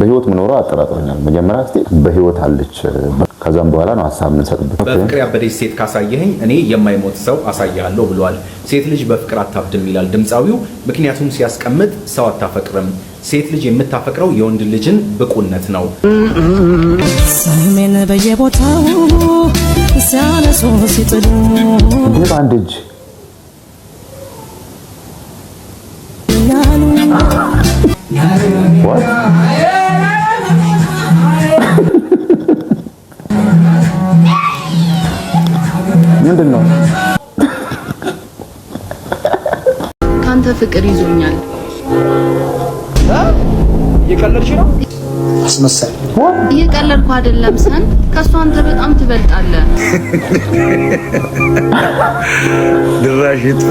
በህይወት መኖሯ አጠራጥሮኛል። መጀመሪያ ስ በህይወት አለች፣ ከዛም በኋላ ነው ሀሳብ የምንሰጥበት። በፍቅር ያበደች ሴት ካሳየኸኝ እኔ የማይሞት ሰው አሳያለሁ ብሏል። ሴት ልጅ በፍቅር አታብድም ይላል ድምፃዊው። ምክንያቱም ሲያስቀምጥ ሰው አታፈቅርም። ሴት ልጅ የምታፈቅረው የወንድ ልጅን ብቁነት ነው። ሰሜን በየቦታው ሲያነሱ ሲጥሉ አንድ እጅ What? ምንድን ነው? ካንተ ፍቅር ይዞኛል። እየቀለድሽ ነው? አስመሰል። እየቀለድኩ አይደለም። ሰን ከእሱ አንተ በጣም ትበልጣለህ። ድራሽ ይጥፋ።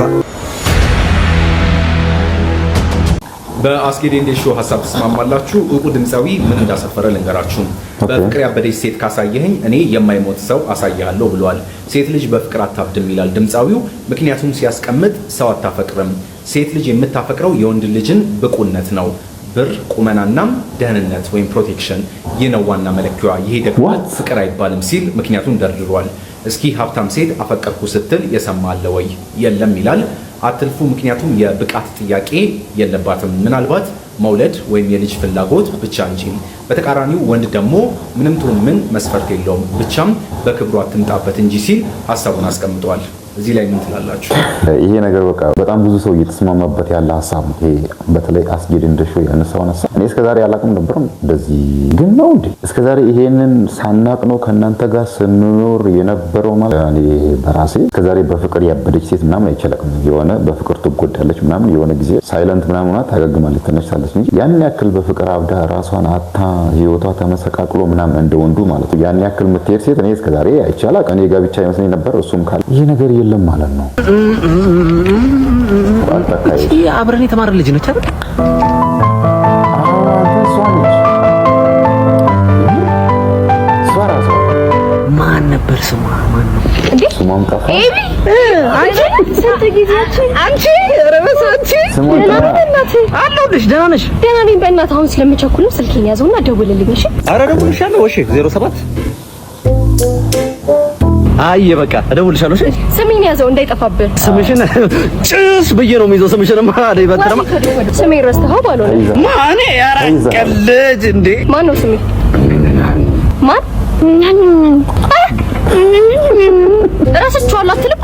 በአስጌ ሾው ሀሳብ ትስማማላችሁ? እቁ ድምፃዊ ምን እንዳሰፈረ ልንገራችሁ። በፍቅር ያበደች ሴት ካሳየኸኝ እኔ የማይሞት ሰው አሳያለሁ ብሏል። ሴት ልጅ በፍቅር አታብድም ይላል ድምፃዊው። ምክንያቱም ሲያስቀምጥ ሰው አታፈቅርም። ሴት ልጅ የምታፈቅረው የወንድ ልጅን ብቁነት ነው ብር ቁመናናም ደህንነት ወይም ፕሮቴክሽን ይህ ነው ዋና መለኪዋ። ይሄ ደግሞ ፍቅር አይባልም ሲል ምክንያቱን ደርድሯል። እስኪ ሀብታም ሴት አፈቀርኩ ስትል የሰማ አለ ወይ? የለም ይላል አትልፉ። ምክንያቱም የብቃት ጥያቄ የለባትም። ምናልባት መውለድ ወይም የልጅ ፍላጎት ብቻ እንጂ። በተቃራኒው ወንድ ደግሞ ምንም ትሁን ምን መስፈርት የለውም፣ ብቻም በክብሩ አትምጣበት እንጂ ሲል ሀሳቡን አስቀምጧል። እዚህ ላይ ምን ትላላችሁ? ይሄ ነገር በቃ በጣም ብዙ ሰው እየተስማማበት ያለ ሀሳብ ነው። ይሄ በተለይ አስጌድ እንደ ሾው ያነሳውን ሀሳብ እኔ እስከዛሬ አላውቅም ነበርም። እንደዚህ ግን ነው እንዴ? እስከዛሬ ይሄንን ሳናቅ ነው ከእናንተ ጋር ስንኖር የነበረው ማለት እኔ በራሴ እስከዛሬ በፍቅር ያበደች ሴት ምናምን አይቻለቅም። የሆነ በፍቅር ትጎዳለች ምናምን፣ የሆነ ጊዜ ሳይለንት ምናምን ሆና ታገግማለች፣ ተነሳለች እንጂ ያን ያክል በፍቅር አብዳ ራሷን አታ ህይወቷ ተመሰቃቅሎ ምናምን እንደወንዱ ወንዱ ማለት ያን ያክል የምትሄድ ሴት እኔ እስከዛሬ አይቻላቅ። እኔ ጋብቻ ይመስለኝ ነበር እሱም ካለ ይሄ ነገር የለም ማለት ነው። አብረን የተማረ ልጅ ነች አይደል? ማን ነበር ስሟ? ማን ነው ደህና ነሽ? አሁን ስለምቸኩልም ስልኬን ያዘውና ደውልልኝ። እሺ? ኧረ ደውልልሻለሁ። እሺ ዜሮ ሰባት አይ በቃ እደውልልሻለሁ። እሺ ስሜን ያዘው እንዳይጠፋብህ። ስምሽን ጭስ ብዬ ነው የሚይዘው። ስምሽንማ አይደል ይበተረማ ስሜን ረስተኸው ባልሆነ ማን ያራቀልጅ እንዴ? ማን ነው ስሜ? ማን እራሳችኋል አትልም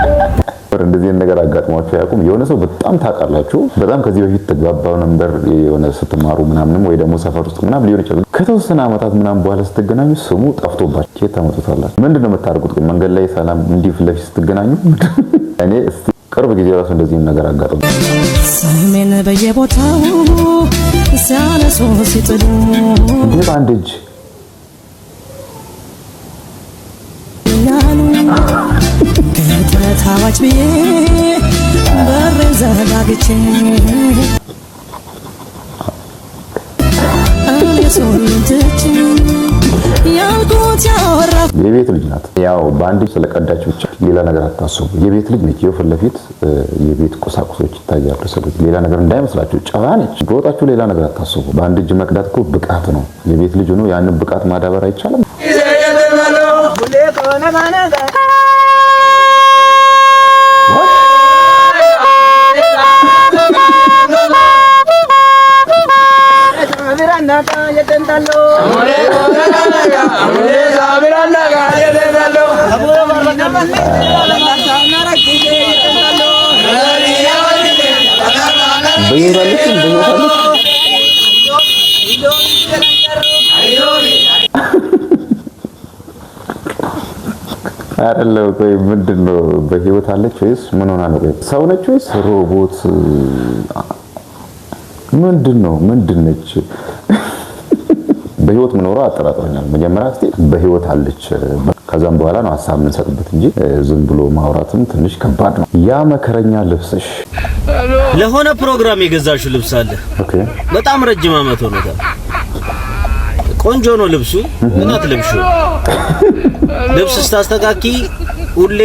ነበር እንደዚህ ነገር አጋጥሟቸው አያውቁም? የሆነ ሰው በጣም ታውቃላችሁ፣ በጣም ከዚህ በፊት ተግባባው ነበር የሆነ ስትማሩ ምናምንም ወይ ደግሞ ሰፈር ውስጥ ምናምን ሊሆን ይችላል። ከተወሰነ ዓመታት ምናምን በኋላ ስትገናኙ ስሙ ጠፍቶባቸው የት ታመጡታላችሁ? ምንድን ነው የምታደርጉት? መንገድ ላይ ሰላም እንዲህ ፊት ለፊት ስትገናኙ እኔ ቅርብ ጊዜ ራሱ እንደዚህም ነገር አጋጥሞ ስሜን በየቦታው ሲያነሱ ሲጥሉ አንድ እጅ ገባች ብዬ በሬን ዘጋግቼ የቤት ልጅ ናት። ያው በአንድ ስለቀዳች ብቻ ሌላ ነገር አታስቡ። የቤት ልጅ ነች። ፊት ለፊት የቤት ቁሳቁሶች ይታያሉ። ሌላ ነገር እንዳይመስላችሁ፣ ጨዋ ነች። በወጣችሁ ሌላ ነገር አታስቡ። በአንድ እጅ መቅዳት እኮ ብቃት ነው። የቤት ልጅ ሆኖ ያንን ብቃት ማዳበር አይቻልም። አይደለም። ቆይ ምንድን ነው? በህይወት አለች ወይስ ምን ሆና ነው? ሰው ነች ወይስ ሮቦት? ምንድን ነው? ምንድን ነች? በህይወት መኖሯ አጠራጥሮኛል። መጀመሪያ ስ በህይወት አለች፣ ከዛም በኋላ ነው ሀሳብ የምንሰጥበት እንጂ ዝም ብሎ ማውራትም ትንሽ ከባድ ነው። ያ መከረኛ ልብስሽ ለሆነ ፕሮግራም የገዛሽው ልብስ አለ። በጣም ረጅም ዓመት ሆኖታል። ቆንጆ ነው ልብሱ። ምን አትለብሹ? ልብስ ስታስተካኪ ሁሌ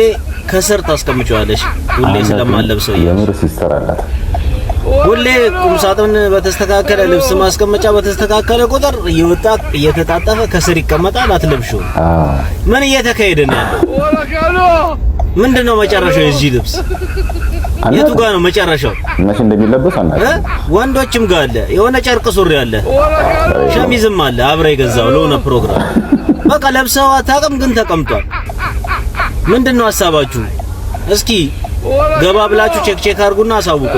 ከስር ታስቀምጨዋለሽ። ሁሌ ስለማለብሰው የምር ሲስተር አላት። ሁሌ ቁም ሳጥን በተስተካከለ ልብስ ማስቀመጫ በተስተካከለ ቁጥር እየወጣ እየተጣጠፈ ከስር ይቀመጣል። አትለብሹ። ምን እየተካሄደ ነው ምንድነው መጨረሻው የዚህ ልብስ? የቱ ጋር ነው መጨረሻው? መቼ እንደሚለበስ አናውቅም። ወንዶችም ጋር አለ፣ የሆነ ጨርቅ ሱሪ አለ፣ ሸሚዝም አለ። አብረ የገዛው ለሆነ ፕሮግራም በቃ ለብሰው አታውቅም፣ ግን ተቀምጧል። ምንድን ነው ሀሳባችሁ? እስኪ ገባ ብላችሁ ቼክ ቼክ አድርጉና አሳውቁ።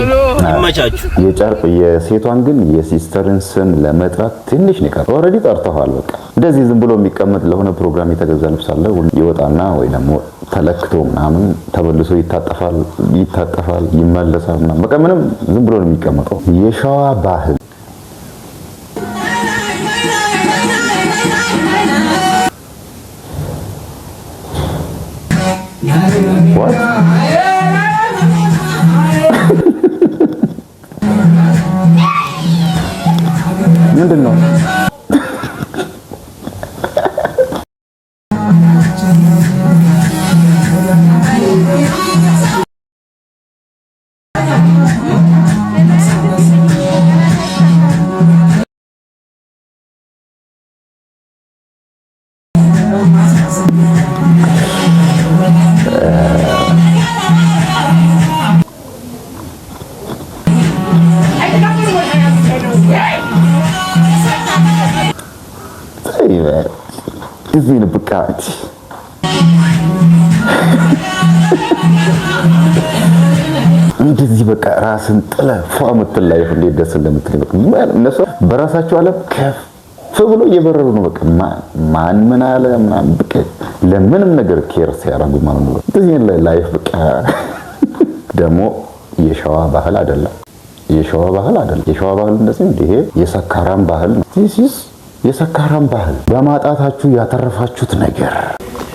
ይመቻችሁ። የጨርቅ የሴቷን ግን የሲስተርን ስም ለመጥራት ትንሽ ነው የቀረው። ኦልሬዲ ጠርተዋል። በቃ እንደዚህ ዝም ብሎ የሚቀመጥ ለሆነ ፕሮግራም የተገዛ ልብስ አለ። ይወጣና ወይ ደግሞ ተለክቶ ምናምን ተመልሶ ይታጠፋል፣ ይታጠፋል፣ ይመለሳል ምናምን በቃ ምንም ዝም ብሎ ነው የሚቀመጠው። የሸዋ ባህል ምንድን ነው? እንደዚህ በቃ ራስን ጥለ ፏ የምትል ላይፍ እንዴት ደስ እንደምትል እነሱ በራሳቸው ዓለም ከፍ ብሎ እየበረሩ ነው። በቃ ማን ምን አለ ምናምን በቃ ለምንም ነገር ኬር ሲያደርጉ ማለት ነው። በዚህ ላይፍ በቃ ደግሞ የሸዋ ባህል አይደለም። የሸዋ ባህል አይደለም። የሸዋ ባህል እንደዚህ ይሄ የሰካራም ባህል ነው። ዚስ የሰካራም ባህል በማጣታችሁ ያተረፋችሁት ነገር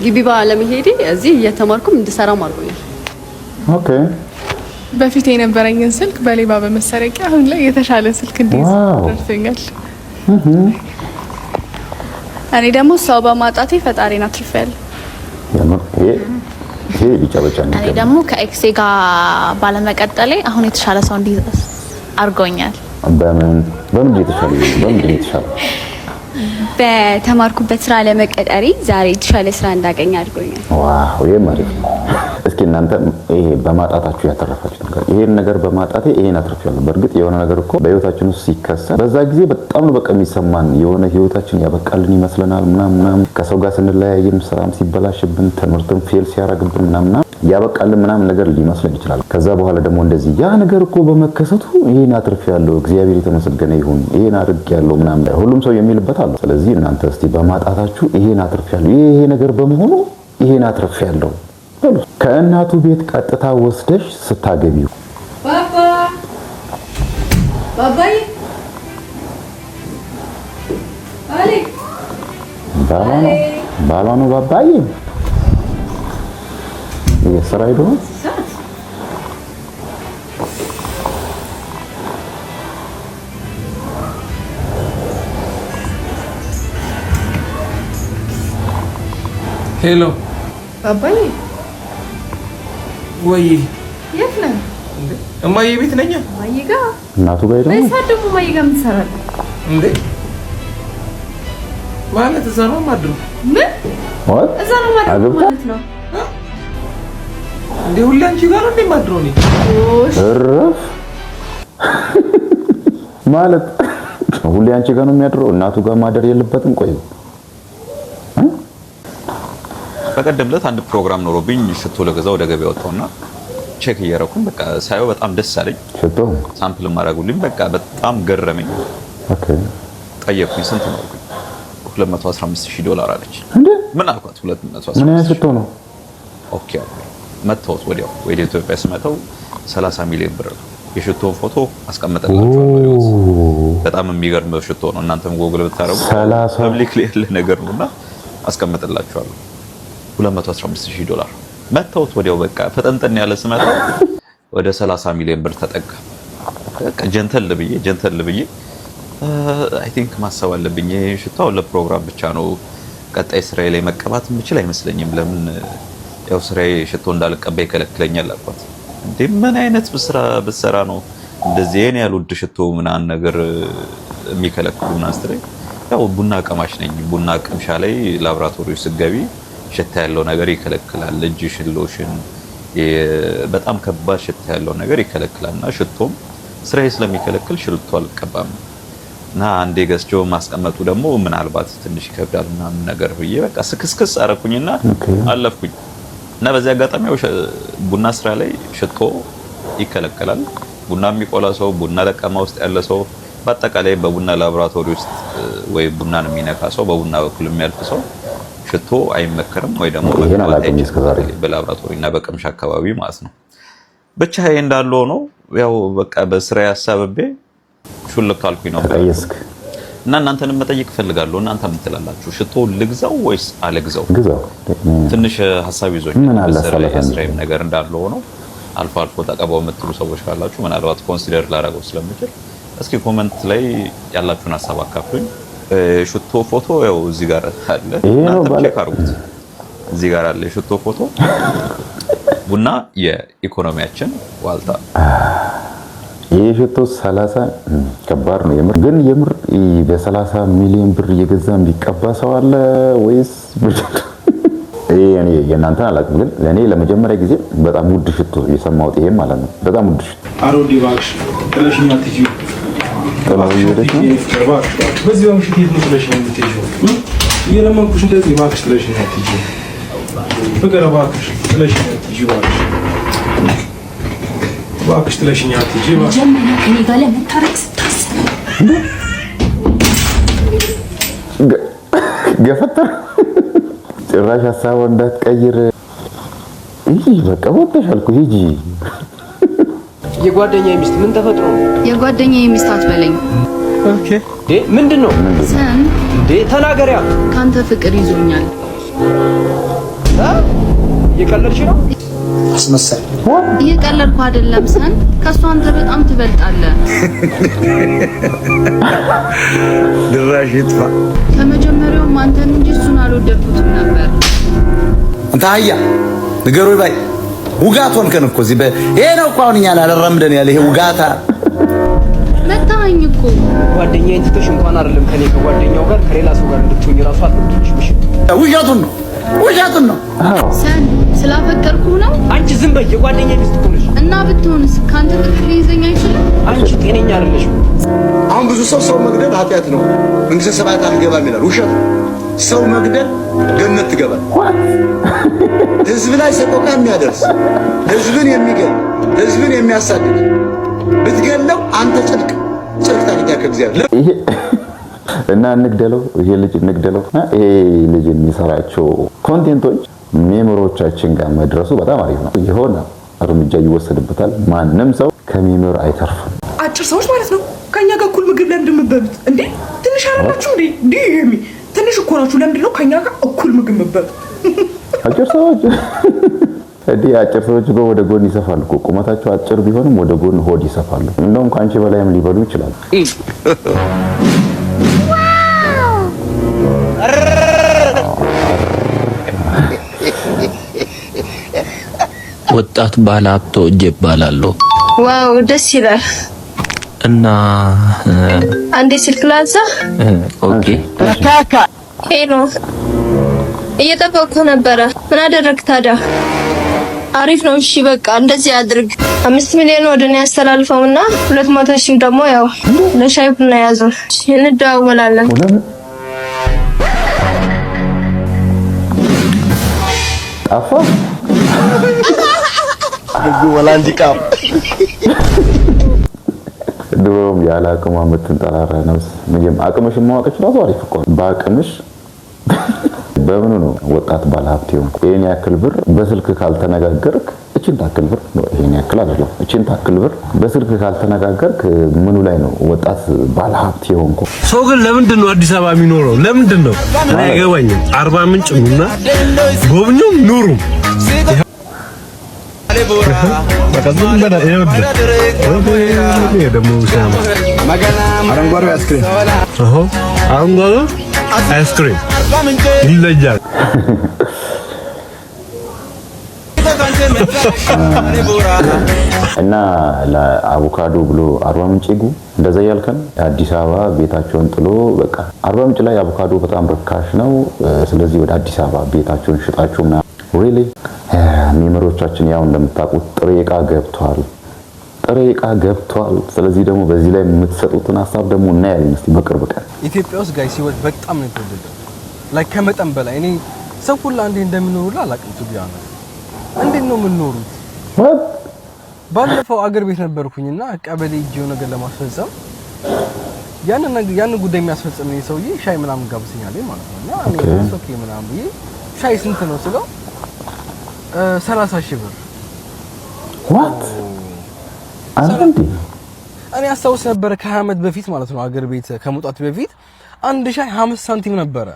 ግቢ ባለመሄዴ እዚህ እየተማርኩም እንድሰራ አድርጎኛል። ኦኬ በፊት የነበረኝን ስልክ በሌባ በመሰረቂያ አሁን ላይ የተሻለ ስልክ እንዲይዝ ደርሶኛል። እኔ ደግሞ ሰው በማጣቴ ፈጣሪን አትርፌያለሁ። ይሄ ሊጨበጫ እኔ ደግሞ ከኤክሴ ጋር ባለመቀጠሌ አሁን የተሻለ ሰው እንዲይዝ አድርጎኛል። በምን በምን የተሻለ በምን የተሻለ በተማርኩበት ስራ ለመቀጠሪ ዛሬ የተሻለ ስራ እንዳገኝ አድርጎኛል። ዋው ይሄ ማለት ነው። እስኪ እናንተ ይሄ በማጣታችሁ ያተረፋችሁ ነገር ይሄን ነገር በማጣቴ ይሄን አትርፌያለሁ። በእርግጥ የሆነ ነገር እኮ በህይወታችን ውስጥ ሲከሰት በዛ ጊዜ በጣም ነው በቃ የሚሰማን የሆነ ህይወታችን ያበቃልን ይመስለናል ምናምን ምናምን ከሰው ጋር ስንለያይም ስራም ሲበላሽብን ትምህርትም ፌል ሲያደርግብን ምናምና ያበቃልን ምናምን ነገር ሊመስለን ይችላል። ከዛ በኋላ ደግሞ እንደዚህ ያ ነገር እኮ በመከሰቱ ይሄን አትርፌያለሁ፣ እግዚአብሔር የተመሰገነ ይሁን፣ ይሄን አድርጌያለሁ ምናምን ሁሉም ሰው የሚልበት አለ። ስለዚህ እናንተ እስቲ በማጣታችሁ ይሄን አትርፌያለሁ፣ ይሄ ነገር በመሆኑ ይሄን አትርፌያለሁ ከእናቱ ቤት ቀጥታ ወስደሽ ስታገቢው ባሏ ነው። ባባዬ የስራ ሄዶ ሄሎ ባባዬ ወይ የት ነህ? እማዬ ቤት ነኝ። እማዬ ጋር እናቱ ጋር ደግሞ በሰዓት ደግሞ እማዬ ጋር ምን እንዴ? ማለት እዛ ነው የማድረው። ምን እዛ ነው ማድሩ ማለት ነው እንዴ? ሁሌ አንቺ ጋር ነው የማድረው እኔ እረፍ ማለት ሁሌ አንቺ ጋር ነው የሚያድረው። እናቱ ጋር ማደር የለበትም። ቆይ በቀደም ዕለት አንድ ፕሮግራም ኖሮብኝ ሽቶ ለገዛ ወደ ገበያ ወጣውና ቼክ እያረኩኝ በቃ ሳየው በጣም ደስ አለኝ። ሽቶ ሳምፕል ማድረጉልኝ በቃ በጣም ገረመኝ። ኦኬ ጠየቅኩኝ፣ ስንት ነው አልኩኝ። 215000 ዶላር አለች። እንዴ ምን አልኳት? 215000 ምን ሽቶ ነው? ኦኬ አልኩኝ። መታወት ወዲያው ወደ ኢትዮጵያ ስመጣው 30 ሚሊዮን ብር ነው። የሽቶን ፎቶ አስቀምጠላችሁ። በጣም የሚገርም ሽቶ ነው። እናንተም ጎግል ብታረጉ ፐብሊክ ላይ ያለ ነገር ነውና አስቀምጥላችኋለሁ። 215000 ዶላር መታወት ወዲያው በቃ ፈጠንጠን ያለ ስመታው ወደ 30 ሚሊዮን ብር ተጠጋ። በቃ ጀንተል ብዬ ጀንተል ብዬ አይ ቲንክ ማሰብ አለብኝ። ይሄ ሽታው ለፕሮግራም ብቻ ነው፣ ቀጣይ ስራዬ ላይ መቀባት የምችል አይመስለኝም። ለምን ያው ስራዬ ሽቶ እንዳልቀባ ይከለክለኛል አልኳት። እንዴ ምን አይነት ስራ ብትሰራ ነው እንደዚህ የኔ ያሉድ ሽቶ ምናምን ነገር የሚከለክሉ ምናምን ስትለኝ ያው ቡና ቀማሽ ነኝ ቡና ቅምሻ ላይ ላብራቶሪ ስገቢ? ሽታ ያለው ነገር ይከለክላል። እጅሽን፣ ሎሽን፣ በጣም ከባድ ሽታ ያለው ነገር ይከለክላል። እና ሽቶም ስራዬ ስለሚከለክል ሽቶ አልቀባም እና አንዴ ገዝቼው ማስቀመጡ ደግሞ ምናልባት ትንሽ ይከብዳል ምናምን ነገር ብዬ በቃ ስክስክስ አረኩኝና አለፍኩኝ። እና በዚህ አጋጣሚ ቡና ስራ ላይ ሽቶ ይከለከላል። ቡና የሚቆላ ሰው፣ ቡና ለቀማ ውስጥ ያለ ሰው፣ በአጠቃላይ በቡና ላቦራቶሪ ውስጥ ወይ ቡናን የሚነካ ሰው፣ በቡና በኩል የሚያልፍ ሰው ሽቶ አይመከርም ወይ ደግሞ በላብራቶሪ እና በቅምሻ አካባቢ ማለት ነው። ብቻ ይሄ እንዳለ ሆኖ ያው በቃ በስራ ያሳብቤ ሹልክ አልኩኝ ነበር እና እናንተን መጠየቅ እፈልጋለሁ። እናንተ ምን ትላላችሁ? ሽቶ ልግዛው ወይስ አልግዛው? ትንሽ ሀሳብ ይዞኛል። የስራዬም ነገር እንዳለ ሆኖ አልፎ አልፎ ተቀባው የምትሉ ሰዎች ካላችሁ ምናልባት ኮንሲደር ላደርገው ስለምችል እስኪ ኮመንት ላይ ያላችሁን ሀሳብ አካፍሉኝ። ሽቶ ፎቶ ያው እዚህ ጋር አለ። እናንተ ቼክ አድርጉት። እዚህ ጋር አለ የሽቶ ፎቶ። ቡና የኢኮኖሚያችን ዋልታ። ይህ ሽቶ 30 ከባድ ነው የምር ግን የምር በ30 ሚሊዮን ብር እየገዛ የሚቀባ ሰው አለ ወይስ? እኔ የእናንተን አላውቅም፣ ግን ለእኔ ለመጀመሪያ ጊዜ በጣም ውድ ሽቶ የሰማሁት ይሄም ማለት ነው። በጣም ውድ ሽቶ ገፈተር ጭራሽ ሀሳቧ እንዳትቀይር። ይህ በቃ ወጣሽ አልኩ ሂጂ የጓደኛ ሚስት ምን ተፈጥሮ ነው? የጓደኛ ሚስት አትበለኝ። ኦኬ ዴ ምንድን ነው ሰን ዴ ተናገሪያ። ካንተ ፍቅር ይዞኛል። እየቀለድሽ ነው? አስመሰል። እየቀለድኩ አይደለም ሰን፣ ከእሱ አንተ በጣም ትበልጣለህ። ድራሽ ይጥፋ። ከመጀመሪያውም አንተን እንጂ እሱን አልወደድኩትም ነበር። አንተ እንታያ ንገሩ ይባይ ውጋት ሆንከን እኮ እዚህ ይሄ ነው እኮ አሁን እኛን አልረምደን ያለ ይሄ ውጋታ መታኝ እኮ ጓደኛዬ እንትቶሽ እንኳን አይደለም ከኔ ከጓደኛው ጋር ከሌላ ሰው ጋር እንድትሆኝ ራሱ አትወድሽ። ምሽ ውሸቱን ነው ውሸቱን ነው ሰን ስላፈቀርኩ ነው። አንቺ ዝም በይ። የጓደኛዬ ሚስት እኮ ነሽ እና ብትሆንስ ከአንተ ጥቅል ሊይዘኝ አይችልም። አንቺ ጤነኛ አይደለሽም። አሁን ብዙ ሰው ሰው መግደል ኃጢአት ነው መንግሥተ ሰማያት አልገባም ይላል። ውሸት ሰው መግደል ገነት ትገባል። ህዝብ ላይ ሰቆቃ የሚያደርስ ህዝብን የሚገል ህዝብን የሚያሳድድ ብትገለው አንተ ጭልቅ ጭልቅ ታግኛ ከእግዚአብሔር እና እንግደለው፣ ይሄ ልጅ እንግደለው፣ ይሄ ልጅ የሚሰራቸው ኮንቴንቶች ሜምሮቻችን ጋር መድረሱ በጣም አሪፍ ነው። የሆነ እርምጃ ይወሰድበታል። ማንም ሰው ከሜምር አይተርፍም። አጭር ሰዎች ማለት ነው ከእኛ ጋር እኩል ምግብ ላይ ምድምበሉት እንዴ ትንሽ አላላችሁ እንዴ ዲ እኮ ናችሁ። ለምንድን ነው ከኛ ጋር እኩል ምግብ ምበሉ? አጭር ሰዎች እንዲህ አጭር ሰዎች ጎ ወደ ጎን ይሰፋሉ። ቁመታቸው አጭር ቢሆንም ወደ ጎን ሆድ ይሰፋሉ። እንደውም ከአንቺ በላይም ሊበሉ ይችላሉ። ወጣት ባለ ሀብቶ እጄ እባላለሁ። ዋው ደስ ይላል። እና አንዴ ስልክ ላንሳ። ኦኬ ሄሎ፣ እየጠበቅኩ ነበረ። ምን አደረግ ታዲያ? አሪፍ ነው። እሺ በቃ እንደዚህ አድርግ። አምስት ሚሊዮን ወደ እኔ ያስተላልፈው እና ሁለት መቶ ሺህ ደግሞ ያው ለሻይ ቡና ያዘው። እንደዋወላለን። ጠፋ ድሮም ያለ አቅሟ የምትንጠራራ ነፍስ አቅምሽ ማወቅሽ ራሱ አሪፍ እኮ በአቅምሽ በምኑ ነው ወጣት ባለሀብት ሆንኩ? ይህን ያክል ብር በስልክ ካልተነጋገርክ እችን ታክል ብር ይህን ያክል አይደለም፣ እችን ታክል ብር በስልክ ካልተነጋገርክ ምኑ ላይ ነው ወጣት ባለሀብት የሆንኩ? ሰው ግን ለምንድን ነው አዲስ አበባ የሚኖረው? ለምንድን ነው አይገባኝም። አርባ ምንጭ ኑና ጎብኙም ኑሩም አረንጓዴ አይስክሪም ይለያል። እና ለአቮካዶ ብሎ አርባ ምንጭ ጉ እንደዛ ያልከን አዲስ አበባ ቤታቸውን ጥሎ በቃ አርባ ምንጭ ላይ አቮካዶ በጣም ርካሽ ነው። ስለዚህ ወደ አዲስ አበባ ቤታቸውን ሽጣቸው ሪሊ ሜምሮቻችን ያው እንደምታውቁት ጥሬ ዕቃ ገብቷል፣ ጥሬ ዕቃ ገብቷል። ስለዚህ ደግሞ በዚህ ላይ የምትሰጡትን ሀሳብ ደግሞ እናያለን እስኪ በቅርብ ቀን ኢትዮጵያ ውስጥ ጋይ ሲወድ በጣም ነው የተወደደ ላይ ከመጠን በላይ እኔ ሰው ሁሉ አንዴ እንደምኖር አላውቅም። ትቢያና እንዴት ነው የምንኖሩት? ባለፈው አገር ቤት ነበርኩኝና ቀበሌ እጅ ነገር ለማስፈጸም ያንን ያንን ጉዳይ የሚያስፈጽም ሰውዬ ሻይ ምናምን ጋብዝኛል ማለት ነው። እና እኔ ሶኬ ምናምን ብዬ ሻይ ስንት ነው ስለው ሰላሳ ሺህ ብር ዋት እኔ አስታውስ ነበረ ከሀያ ዓመት በፊት ማለት ነው አገር ቤት ከመውጣት በፊት አንድ ሻይ 5 ሳንቲም ነበረ።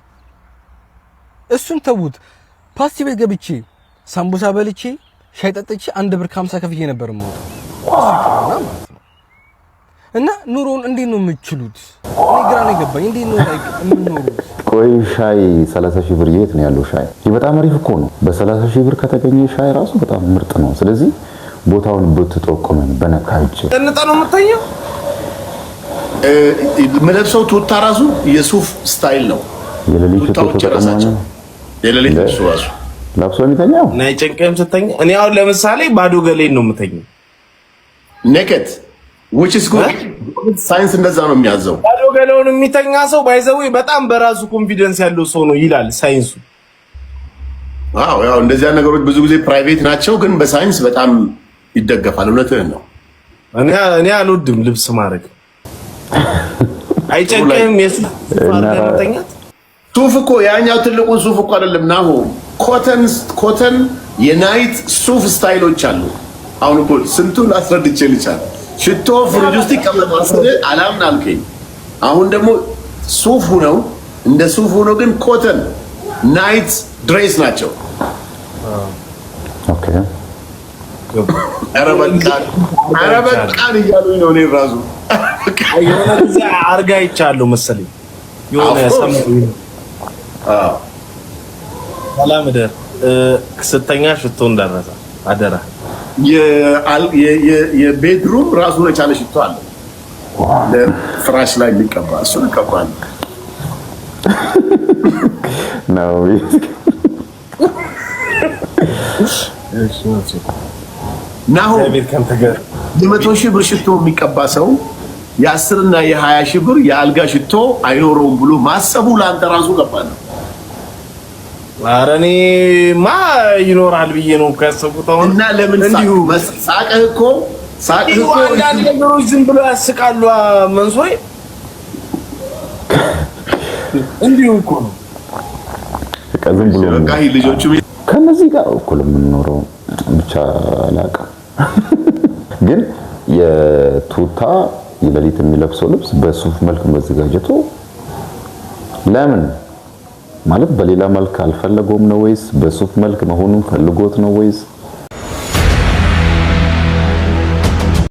እሱን ተዉት። ፓስቲ ቤት ገብቼ ሳምቡሳ በልቼ ሻይ ጠጥቼ አንድ ብር ከሀምሳ ከፍዬ ነበር ነው። እና ኑሮውን እንዴት ነው የምችሉት? እኔ ግራ ነው የገባኝ። እንዴት ነው የምንኖሩት? ቆይ ሻይ 30 ሺህ ብር የት ነው ያለው? ሻይ ይህ በጣም አሪፍ እኮ ነው። በ30 ሺህ ብር ከተገኘ ሻይ ራሱ በጣም ምርጥ ነው። ስለዚህ ቦታውን ብትጠቁመን በነካ እጅ ጠንጠ ነው የምታየው። የምለብሰው ቱታ ራሱ የሱፍ ስታይል ነው። የሌሊቱ ተጠቅመ የሌሊት እሱ ራሱ ለብሶ የሚተኛው ናይ ስተኛ እኔ አሁን ለምሳሌ ባዶ ገሌን ነው የምተኛው ኔኬድ which is ሳይንስ እንደዛ ነው የሚያዘው። ባዶ ገለውን የሚተኛ ሰው ባይዘው በጣም በራሱ ኮንፊደንስ ያለው ሰው ነው ይላል ሳይንሱ። አዎ ያው ነገሮች ብዙ ጊዜ ፕራይቬት ናቸው፣ ግን በሳይንስ በጣም ይደገፋል። እውነትህን ነው። እኔ አልወድም ልብስ ማድረግ የሱ ሱፍ እኮ ያኛው ትልቁ ሱፍ እኮ አይደለም ናሆ፣ ኮተን ኮተን የናይት ሱፍ ስታይሎች አሉ። አሁን እኮ ስንቱን አስረድቼ ልቻል። ሽቶ ፍሪጅ ውስጥ ይቀመጣል አላምን አልከኝ። አሁን ደግሞ ሱፍ ሁነው እንደ ሱፍ ሆኖ ግን ኮተን ናይት ድሬስ ናቸው። ኦኬ ኧረ በቃን ኧረ በቃን እያሉኝ ነው። እኔ እራሱ የሆነ ጊዜ አርጋ ይቻሉ መሰለኝ የሆነ ሰላም እደር። ስተኛ ሽቶ እንዳረሳ አደራ። የቤድሩም ራሱን የቻለ ሽቶ አለ፣ ፍራሽ ላይ የሚቀባ እሱ ይቀባል። ናሆ የመቶ ሺህ ብር ሽቶ የሚቀባ ሰው የአስርና የሀያ ሺህ ብር የአልጋ ሽቶ አይኖረውም ብሎ ማሰቡ ለአንተ ራሱ ገባ ነው። ኧረ እኔማ ይኖራል ብዬ ነው እኮ ያሰብኩት። አሁን እና ለምን ሳቅህ እኮ ሳቅህ እኮ አንዳንድ ነገሮች ዝም ብሎ ያስቃሉ። መንሶይ እንዲሁ እኮ ነው ዝም ብሎ ልጆቹ ከነዚህ ጋር እኩል የምንኖረው ብቻ አላውቅም፣ ግን የቱታ የሌሊት የሚለብሰው ልብስ በሱፍ መልክ መዘጋጀቱ ለምን ማለት በሌላ መልክ አልፈለገውም ነው ወይስ በሱፍ መልክ መሆኑን ፈልጎት ነው ወይስ